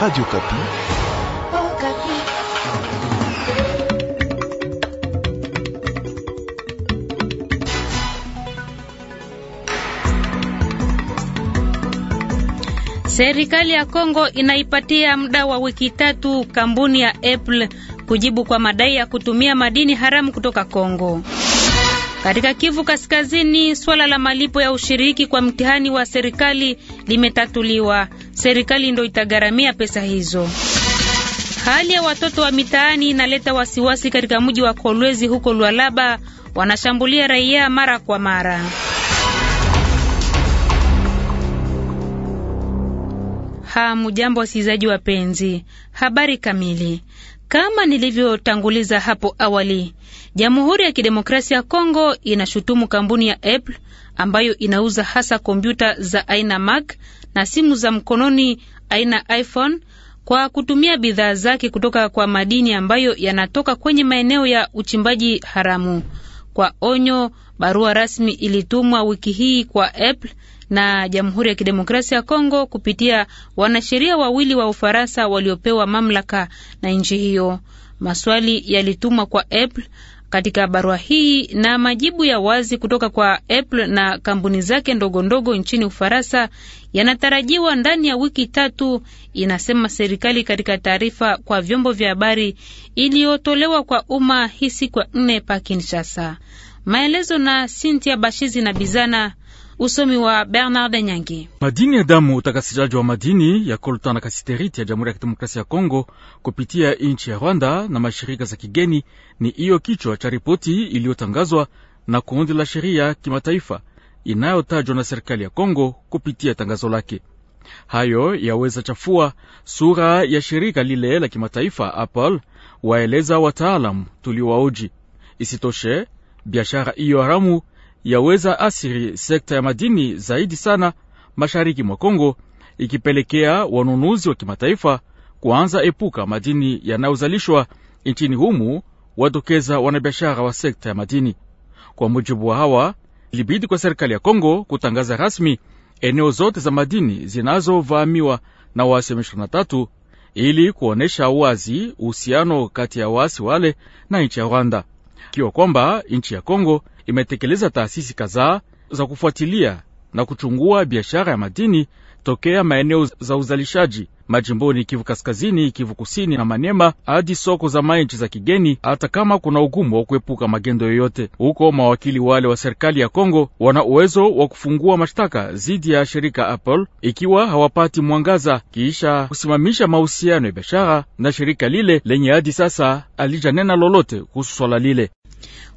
Radio Kapi. Oh, Kapi. Serikali ya Kongo inaipatia muda wa wiki tatu kampuni ya Apple kujibu kwa madai ya kutumia madini haramu kutoka Kongo. Katika Kivu Kaskazini, swala la malipo ya ushiriki kwa mtihani wa serikali limetatuliwa serikali ndo itagharamia pesa hizo. Hali ya watoto wa mitaani inaleta wasiwasi katika mji wa Kolwezi huko Lualaba, wanashambulia raia mara kwa mara. Hamujambo wasikilizaji wapenzi, habari kamili kama nilivyotanguliza hapo awali, Jamhuri ya Kidemokrasia ya Kongo inashutumu kampuni ya Apple ambayo inauza hasa kompyuta za aina Mac na simu za mkononi aina iPhone kwa kutumia bidhaa zake kutoka kwa madini ambayo yanatoka kwenye maeneo ya uchimbaji haramu. Kwa onyo, barua rasmi ilitumwa wiki hii kwa Apple na Jamhuri ya Kidemokrasia ya Kongo kupitia wanasheria wawili wa Ufaransa waliopewa mamlaka na nchi hiyo. Maswali yalitumwa kwa Apple katika barua hii na majibu ya wazi kutoka kwa Apple na kampuni zake ndogo ndogo nchini Ufaransa yanatarajiwa ndani ya wiki tatu, inasema serikali katika taarifa kwa vyombo vya habari iliyotolewa kwa umma hii siku ya nne pa Kinshasa. Maelezo na sintia Bashizi na Bizana. Usomi wa Bernard Nyangi. Madini ya damu, utakasishaji wa madini ya coltan na kasiteriti ya Jamhuri ya Kidemokrasia ya Kongo kupitia nchi ya Rwanda na mashirika za kigeni, ni hiyo kichwa cha ripoti iliyotangazwa na kundi la sheria kimataifa inayotajwa na serikali ya Kongo kupitia tangazo lake. Hayo yaweza chafua sura ya shirika lile la kimataifa Apple, waeleza wataalamu tuliowaoji. Isitoshe, biashara hiyo haramu yaweza asiri sekta ya madini zaidi sana mashariki mwa Kongo, ikipelekea wanunuzi wa kimataifa kuanza epuka madini yanayozalishwa nchini humu, wadokeza wanabiashara wa sekta ya madini. Kwa mujibu wa hawa ilibidi kwa serikali ya Kongo kutangaza rasmi eneo zote za madini zinazovamiwa na waasi wa M23 ili kuonyesha wazi uhusiano kati ya waasi wale na nchi ya Rwanda, ikiwa kwamba nchi ya Kongo imetekeleza taasisi kadhaa za kufuatilia na kuchungua biashara ya madini tokea maeneo za uzalishaji majimboni Kivu Kaskazini, Kivu Kusini na Manema hadi soko za manchi za kigeni, hata kama kuna ugumu wa kuepuka magendo yoyote huko. Mawakili wale wa serikali ya Kongo wana uwezo wa kufungua mashtaka dhidi ya shirika Apple ikiwa hawapati mwangaza, kisha kusimamisha mahusiano ya biashara na shirika lile lenye hadi sasa alijanena lolote kuhusu swala lile.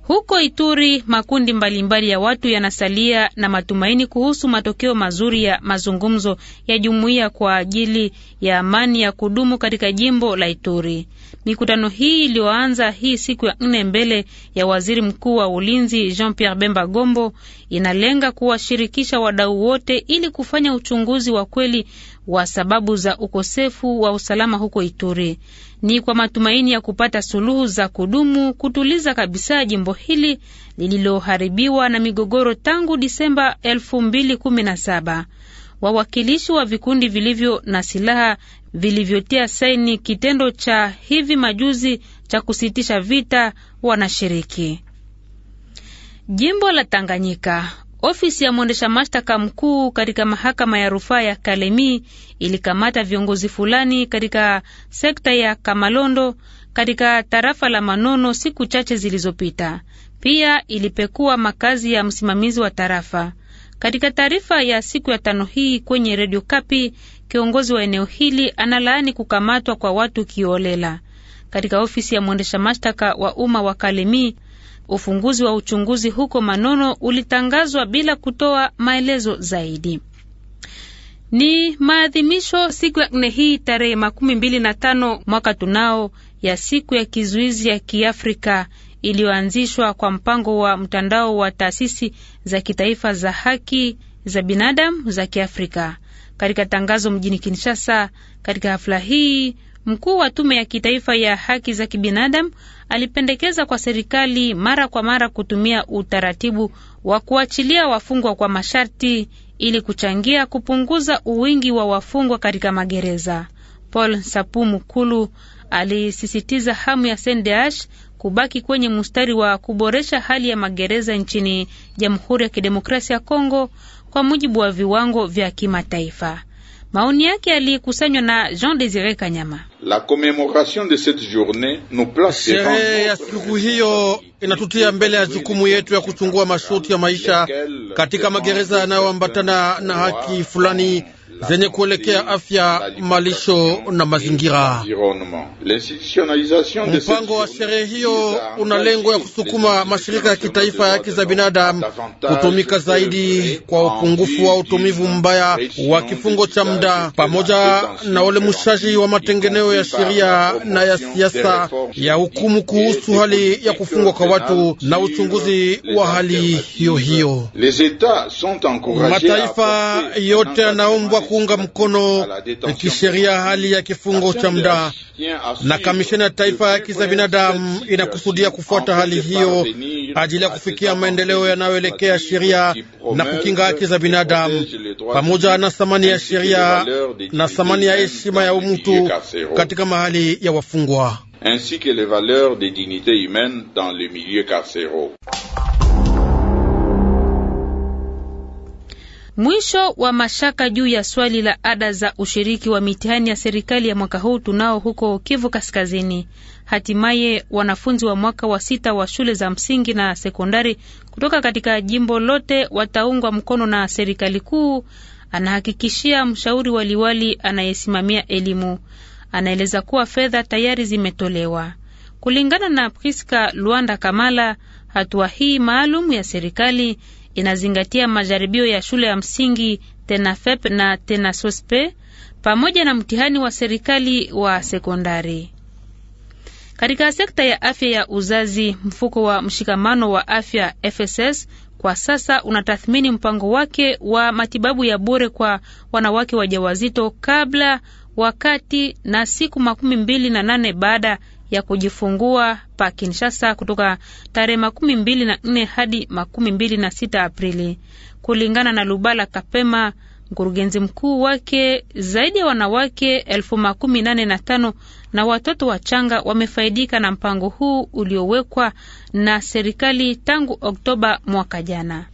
Huko Ituri makundi mbalimbali mbali ya watu yanasalia na matumaini kuhusu matokeo mazuri ya mazungumzo ya jumuiya kwa ajili ya amani ya kudumu katika jimbo la Ituri. Mikutano hii iliyoanza hii siku ya nne mbele ya Waziri Mkuu wa Ulinzi Jean-Pierre Bemba Gombo inalenga kuwashirikisha wadau wote ili kufanya uchunguzi wa kweli wa sababu za ukosefu wa usalama huko Ituri. Ni kwa matumaini ya kupata suluhu za kudumu kutuliza kabisa jimbo hili lililoharibiwa na migogoro tangu Disemba 2017. Wawakilishi wa vikundi vilivyo na silaha vilivyotia saini kitendo cha hivi majuzi cha kusitisha vita wanashiriki. Jimbo la Tanganyika, ofisi ya mwendesha mashtaka mkuu katika mahakama ya rufaa ya Kalemi ilikamata viongozi fulani katika sekta ya Kamalondo katika tarafa la Manono siku chache zilizopita. Pia ilipekua makazi ya msimamizi wa tarafa. Katika taarifa ya siku ya tano hii kwenye redio Kapi, kiongozi wa eneo hili analaani kukamatwa kwa watu kiolela katika ofisi ya mwendesha mashtaka wa umma wa Kalemi. Ufunguzi wa uchunguzi huko Manono ulitangazwa bila kutoa maelezo zaidi. Ni maadhimisho siku ya nne hii tarehe makumi mbili na tano mwaka tunao ya siku ya kizuizi ya Kiafrika iliyoanzishwa kwa mpango wa mtandao wa taasisi za kitaifa za haki za binadamu za Kiafrika. Katika tangazo mjini Kinshasa, katika hafla hii Mkuu wa tume ya kitaifa ya haki za kibinadamu alipendekeza kwa serikali mara kwa mara kutumia utaratibu wa kuachilia wafungwa kwa masharti ili kuchangia kupunguza uwingi wa wafungwa katika magereza. Paul Sapu Mukulu alisisitiza hamu ya CNDH kubaki kwenye mstari wa kuboresha hali ya magereza nchini Jamhuri ya Kidemokrasia ya Kongo kwa mujibu wa viwango vya kimataifa. Maoni yake yalikusanywa na Jean Desire Kanyama. Sherehe ya siku hiyo inatutia mbele ya jukumu yetu ya kuchungua masharti ya maisha katika magereza yanayoambatana na haki fulani zenye kuelekea afya, malisho na mazingira. Mpango wa sherehe hiyo una lengo ya kusukuma mashirika ya kitaifa ya haki za binadamu kutumika zaidi kwa upungufu wa utumivu mbaya wa kifungo cha muda pamoja na ulemushaji wa matengeneo ya sheria na ya siasa ya hukumu kuhusu hali ya kufungwa kwa watu na uchunguzi wa hali hiyo hiyo. Mataifa yote yanaombwa kuunga mkono kisheria hali ya kifungo cha muda, na kamisheni ya taifa ya haki za binadamu inakusudia kufuata hali hiyo ajili ya kufikia maendeleo yanayoelekea sheria na kukinga haki za binadamu pamoja na thamani ya sheria na thamani ya heshima ya mtu katika mahali ya wafungwa ainsi que les valeurs dans Mwisho wa mashaka juu ya swali la ada za ushiriki wa mitihani ya serikali ya mwaka huu tunao huko Kivu Kaskazini. Hatimaye wanafunzi wa mwaka wa sita wa shule za msingi na sekondari kutoka katika jimbo lote wataungwa mkono na serikali kuu, anahakikishia mshauri wa liwali anayesimamia elimu. Anaeleza kuwa fedha tayari zimetolewa. Kulingana na Priska Luanda Kamala, hatua hii maalum ya serikali inazingatia majaribio ya shule ya msingi TENAFEP na TENASOSPE pamoja na mtihani wa serikali wa sekondari. Katika sekta ya afya ya uzazi, mfuko wa mshikamano wa afya FSS kwa sasa unatathmini mpango wake wa matibabu ya bure kwa wanawake wajawazito kabla, wakati na siku makumi mbili na nane baada ya kujifungua pa Kinshasa kutoka tarehe makumi mbili na nne hadi makumi mbili na sita Aprili, kulingana na Lubala Kapema, mkurugenzi mkuu wake. Zaidi ya wanawake elfu makumi nane na tano na watoto wachanga wamefaidika na mpango huu uliowekwa na serikali tangu Oktoba mwaka jana.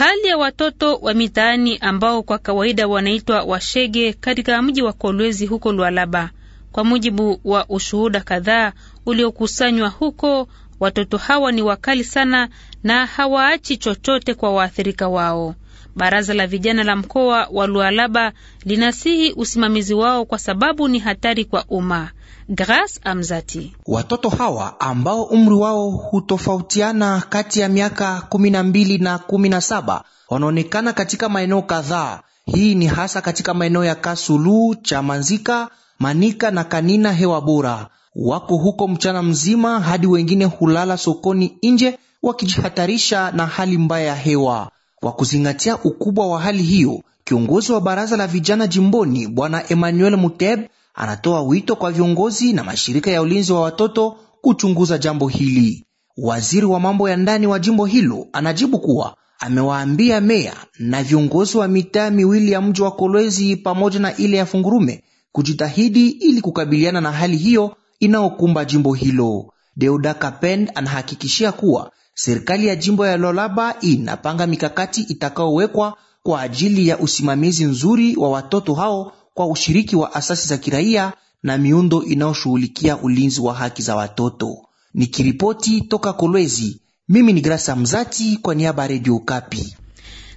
Hali ya watoto wa mitaani ambao kwa kawaida wanaitwa washege katika mji wa Kolwezi huko Lualaba. Kwa mujibu wa ushuhuda kadhaa uliokusanywa huko, watoto hawa ni wakali sana na hawaachi chochote kwa waathirika wao. Baraza la vijana la mkoa wa Lualaba linasihi usimamizi wao kwa sababu ni hatari kwa umma. Grace Amzati. Watoto hawa ambao umri wao hutofautiana kati ya miaka kumi na mbili na kumi na saba wanaonekana katika maeneo kadhaa. Hii ni hasa katika maeneo ya Kasulu, Chamanzika, Manika na Kanina hewa bora. Wako huko mchana mzima hadi wengine hulala sokoni nje wakijihatarisha na hali mbaya ya hewa. Kwa kuzingatia ukubwa wa hali hiyo, kiongozi wa baraza la vijana jimboni Bwana Emmanuel Muteb anatoa wito kwa viongozi na mashirika ya ulinzi wa watoto kuchunguza jambo hili. Waziri wa mambo ya ndani wa jimbo hilo anajibu kuwa amewaambia meya na viongozi wa mitaa miwili ya mji wa Kolwezi pamoja na ile ya Fungurume kujitahidi ili kukabiliana na hali hiyo inayokumba jimbo hilo. Deuda Kapend anahakikishia kuwa serikali ya jimbo ya Lolaba inapanga mikakati itakayowekwa kwa ajili ya usimamizi nzuri wa watoto hao kwa ushiriki wa asasi za kiraia na miundo inayoshughulikia ulinzi wa haki za watoto. Nikiripoti toka Kolwezi, mimi ni Grasa Mzati kwa niaba ya Redio Kapi.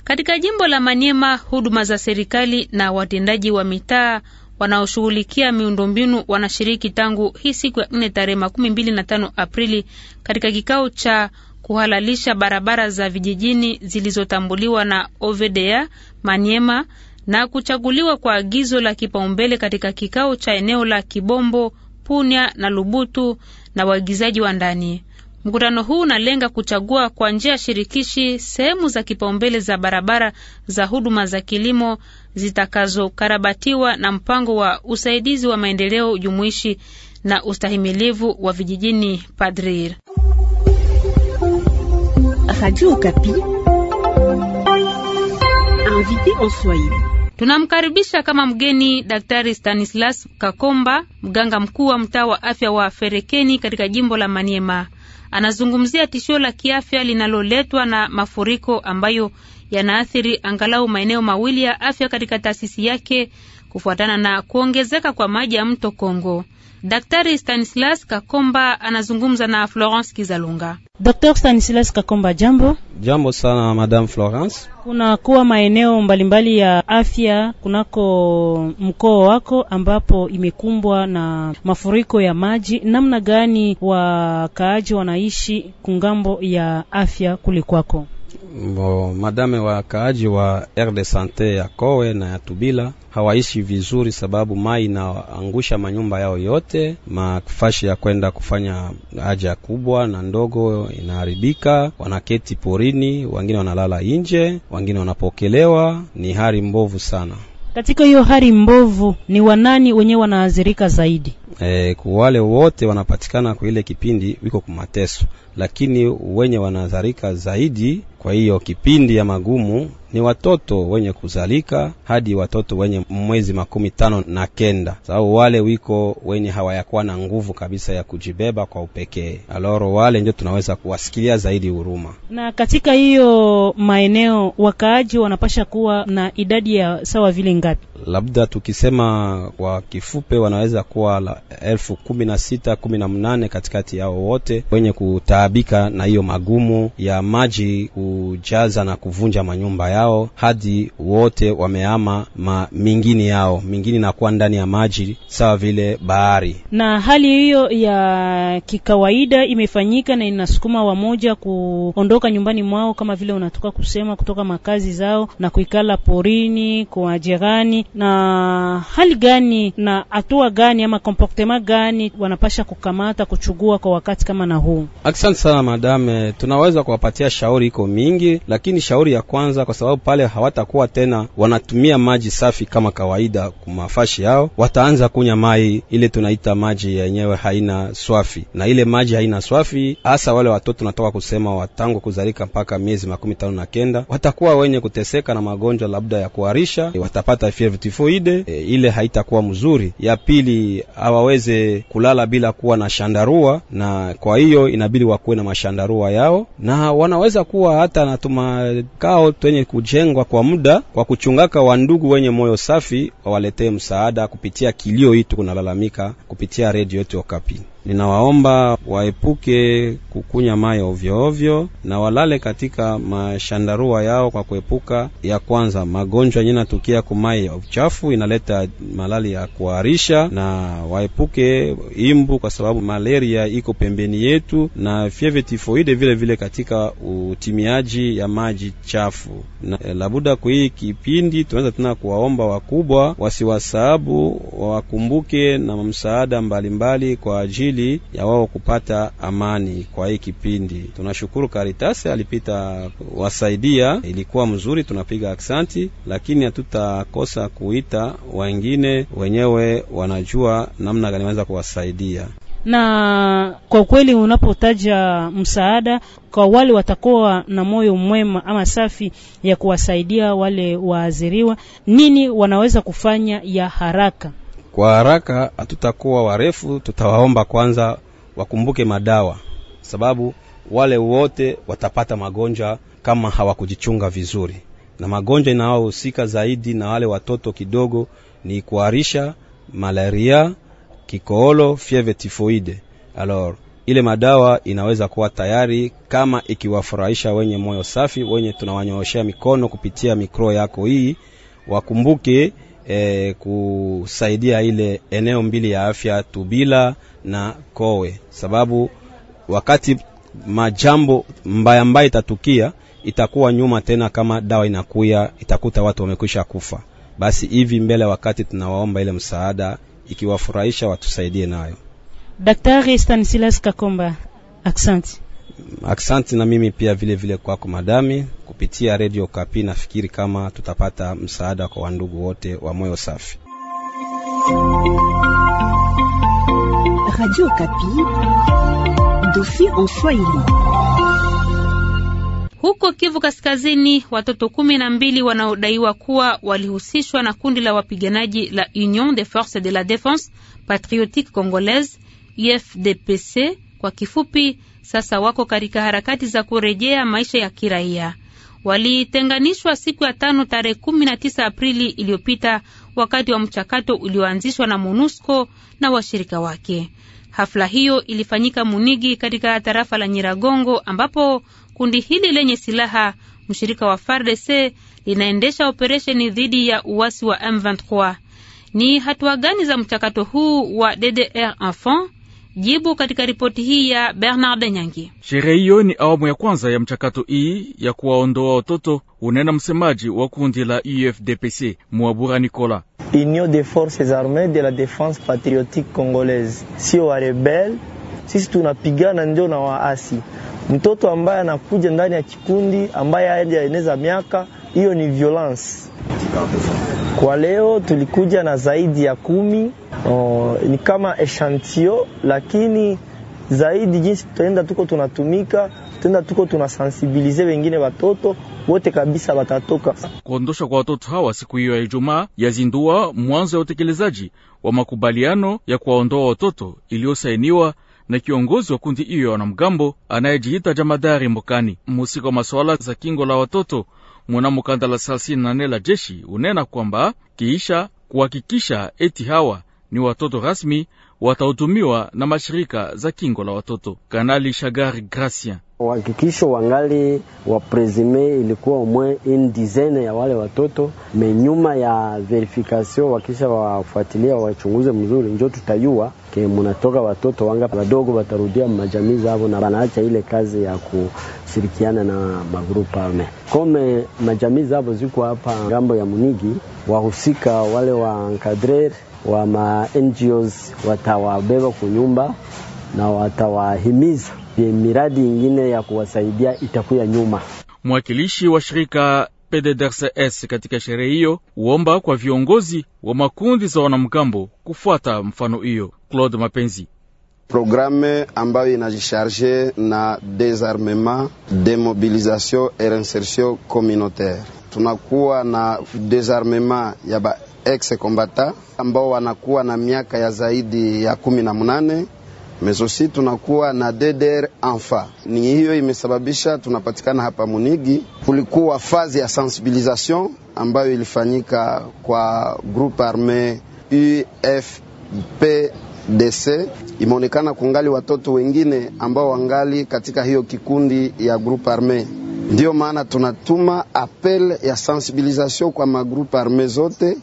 Katika jimbo la Maniema, huduma za serikali na watendaji wa mitaa wanaoshughulikia miundombinu wanashiriki tangu hii siku ya nne tarehe makumi mbili na tano Aprili katika kikao cha kuhalalisha barabara za vijijini zilizotambuliwa na OVDA Maniema na kuchaguliwa kwa agizo la kipaumbele katika kikao cha eneo la Kibombo, Punya na Lubutu na waigizaji wa ndani. Mkutano huu unalenga kuchagua kwa njia shirikishi sehemu za kipaumbele za barabara za huduma za kilimo zitakazokarabatiwa na mpango wa usaidizi wa maendeleo jumuishi na ustahimilivu wa vijijini Padrir. Radio Okapi. Invité en Swahili. Tunamkaribisha kama mgeni Daktari Stanislas Kakomba, mganga mkuu wa mtaa wa afya wa Ferekeni katika jimbo la Maniema. Anazungumzia tishio la kiafya linaloletwa na mafuriko ambayo yanaathiri angalau maeneo mawili ya afya katika taasisi yake kufuatana na kuongezeka kwa maji ya mto Kongo. Daktari Stanislas Kakomba anazungumza na Florence Kizalunga. Daktari Stanislas Kakomba, jambo. Jambo sana Madame Florence. Kunakuwa maeneo mbalimbali ya afya kunako mkoa wako ambapo imekumbwa na mafuriko ya maji. Namna gani wakaaji wanaishi kungambo ya afya kulikwako? kwako? Bo, madame wakaaji wa r de sante ya Kowe na ya Tubila hawaishi vizuri, sababu mai inaangusha manyumba yao yote, mafashi ya kwenda kufanya haja kubwa na ndogo inaharibika. Wanaketi porini, wengine wanalala nje, wengine wanapokelewa. Ni hali mbovu sana. Katika hiyo hali mbovu, ni wanani wenyewe wanaathirika zaidi? E, wale wote wanapatikana kwa ile kipindi wiko kumateso, lakini wenye wanazarika zaidi kwa hiyo kipindi ya magumu ni watoto wenye kuzalika hadi watoto wenye mwezi makumi tano na kenda, sababu wale wiko wenye hawayakuwa na nguvu kabisa ya kujibeba kwa upekee. Aloro wale ndio tunaweza kuwasikilia zaidi huruma. Na katika hiyo maeneo wakaaji wanapasha kuwa na idadi ya sawa vile ngapi? Labda tukisema kwa kifupe, wanaweza kuwa la elfu kumi na sita kumi na mnane katikati yao wote wenye kutaabika na hiyo magumu ya maji kujaza na kuvunja manyumba yao, hadi wote wameama ma mingini yao mingini nakuwa ndani ya maji sawa vile bahari. Na hali hiyo ya kikawaida imefanyika na inasukuma wamoja kuondoka nyumbani mwao, kama vile unatoka kusema kutoka makazi zao na kuikala porini kwa jirani. Na hali gani na hatua gani ama tema gani wanapasha kukamata kuchugua kwa wakati kama na huu? Asante sana madame, eh, tunaweza kuwapatia shauri iko mingi, lakini shauri ya kwanza, kwa sababu pale hawatakuwa tena wanatumia maji safi kama kawaida kumafashi yao, wataanza kunya mai ile tunaita maji yenyewe haina swafi, na ile maji haina swafi hasa wale watoto natoka kusema watangu kuzalika mpaka miezi makumi tano na kenda watakuwa wenye kuteseka na magonjwa labda ya kuharisha, watapata fievre tifoide, eh, ile haitakuwa mzuri. Ya pili hawa waweze kulala bila kuwa na shandarua, na kwa hiyo inabidi wakuwe na mashandarua yao, na wanaweza kuwa hata na tumakao twenye kujengwa kwa muda, kwa kuchungaka wandugu wenye moyo safi wawaletee msaada kupitia kilio hii tunalalamika kupitia redio yetu Okapi. Ninawaomba waepuke kukunya maji ovyoovyo na walale katika mashandarua yao kwa kuepuka ya kwanza magonjwa yenye natukia kumai ya uchafu inaleta malali ya kuharisha, na waepuke imbu kwa sababu malaria iko pembeni yetu na fieve tifoide vile vile katika utimiaji ya maji chafu. Na eh, labuda kwa hii kipindi tunaweza tena kuwaomba wakubwa wasiwasabu wakumbuke na msaada mbalimbali kwa ajili ajili ya wao kupata amani kwa hii kipindi. Tunashukuru Karitasi alipita wasaidia, ilikuwa mzuri, tunapiga aksanti, lakini hatutakosa kuita wengine, wenyewe wanajua namna gani wanaweza kuwasaidia na kwa kweli unapotaja msaada kwa wale watakuwa na moyo mwema ama safi ya kuwasaidia wale waadhiriwa, nini wanaweza kufanya ya haraka? Kwa haraka hatutakuwa warefu, tutawaomba kwanza wakumbuke madawa, sababu wale wote watapata magonjwa kama hawakujichunga vizuri, na magonjwa inayohusika zaidi na wale watoto kidogo ni kuharisha, malaria, kikoolo, fieve tifoide. Alors ile madawa inaweza kuwa tayari kama ikiwafurahisha wenye moyo safi, wenye tunawanyooshea mikono kupitia mikro yako hii, wakumbuke e, kusaidia ile eneo mbili ya afya Tubila na Kowe, sababu wakati majambo mbaya mbaya itatukia itakuwa nyuma tena, kama dawa inakuya itakuta watu wamekwisha kufa. Basi hivi mbele wakati tunawaomba ile msaada, ikiwafurahisha watusaidie nayo. Daktari Stanislas Kakomba, aksanti Aksanti na mimi pia vile vile kwako madami, kupitia Radio Kapi nafikiri kama tutapata msaada kwa wandugu wote wa moyo safi. Radio Kapi, dossier en Swahili. Huko Kivu Kaskazini, watoto kumi na mbili wanaodaiwa kuwa walihusishwa na kundi la wapiganaji la Union des Forces de la Défense Patriotique Congolaise UFDPC kwa kifupi sasa wako katika harakati za kurejea maisha ya kiraia. Walitenganishwa siku ya tano tarehe kumi na tisa Aprili iliyopita wakati wa mchakato ulioanzishwa na MONUSCO na washirika wake. Hafla hiyo ilifanyika Munigi katika tarafa la Nyiragongo ambapo kundi hili lenye silaha mshirika wa FARDC linaendesha operesheni dhidi ya uwasi wa M23. Ni hatua gani za mchakato huu wa DDR Enfant? Jibu katika ripoti hii ya Bernard Nyangi. Sherehe hiyo ni awamu ya kwanza ya mchakato hii ya kuwaondoa watoto, unena msemaji wa kundi la UFDPC Mwabura Nicola. Union des forces armées de la défense patriotique congolaise, sio wa rebel, sisi tunapigana ndio na waasi. Mtoto ambaye anakuja ndani ya kikundi ambaye eneza miaka hiyo ni violence kwa leo tulikuja na zaidi ya kumi. O, oh, ni kama eshantio lakini zaidi jinsi tutaenda tuko tunatumika, tutaenda tuko tunasensibilize wengine watoto wote kabisa watatoka. Kuondosha kwa watoto hawa siku hiyo ya Ijumaa yazindua mwanzo ya utekelezaji wa makubaliano ya kuwaondoa watoto iliyosainiwa na kiongozi wa kundi hiyo ya wanamgambo anayejiita Jamadari Mbokani. Mhusika wa masuala za kingo la watoto mwanamo kanda la thelathini na la jeshi unena kwamba kiisha kuhakikisha eti hawa ni watoto rasmi watahutumiwa na mashirika za kingo la watoto. Kanali Shagari Gracia Uhakikisho wangali wapresime ilikuwa umwe une dizaine ya wale watoto me nyuma ya verifikasio, wakisha wafuatilia wachunguze mzuri, njo tutayua ke munatoka watoto wanga wadogo watarudia majamii zavo na wanaacha ile kazi ya kushirikiana na magrupu arme kome majamii zavo ziko hapa ngambo ya Munigi, wahusika wale wa encadrer wa ma NGOs watawabeba kunyumba na watawahimiza miradi ingine ya kuwasaidia itakuya nyuma. Mwakilishi wa shirika PDDRCS katika sherehe hiyo uomba kwa viongozi wa makundi za wanamgambo kufuata mfano hiyo. Claude Mapenzi Programme ambayo inajisharge na desarmement, demobilisation et reinsertion communautaire. Tunakuwa na desarmement ya ba ex kombata ambao wanakuwa na miaka ya zaidi ya kumi na munane mezosi tunakuwa na DDR anfa. Ni hiyo imesababisha tunapatikana hapa Munigi. Kulikuwa fazi ya sensibilisation ambayo ilifanyika kwa groupe arme UFPDC. Imeonekana kungali watoto wengine ambao wangali katika hiyo kikundi ya groupe arme. Ndiyo maana tunatuma apel ya sensibilisation kwa magroupe arme zote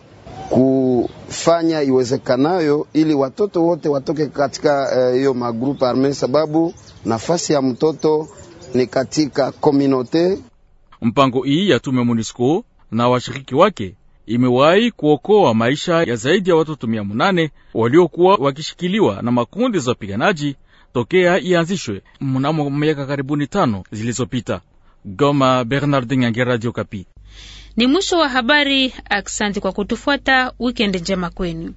kufanya iwezekanayo ili watoto wote watoke katika eh, hiyo uh, magrupu arme, sababu nafasi ya mtoto ni katika komunote. Mpango hii ya tume MONUSCO na washiriki wake imewahi kuokoa maisha ya zaidi ya watoto mia munane waliokuwa wakishikiliwa na makundi za wapiganaji tokea ianzishwe mnamo miaka karibuni tano zilizopita. Goma, Bernardin Yange, Radio Kapi. Ni mwisho wa habari. Asante kwa kutufuata. Wikendi njema kwenu.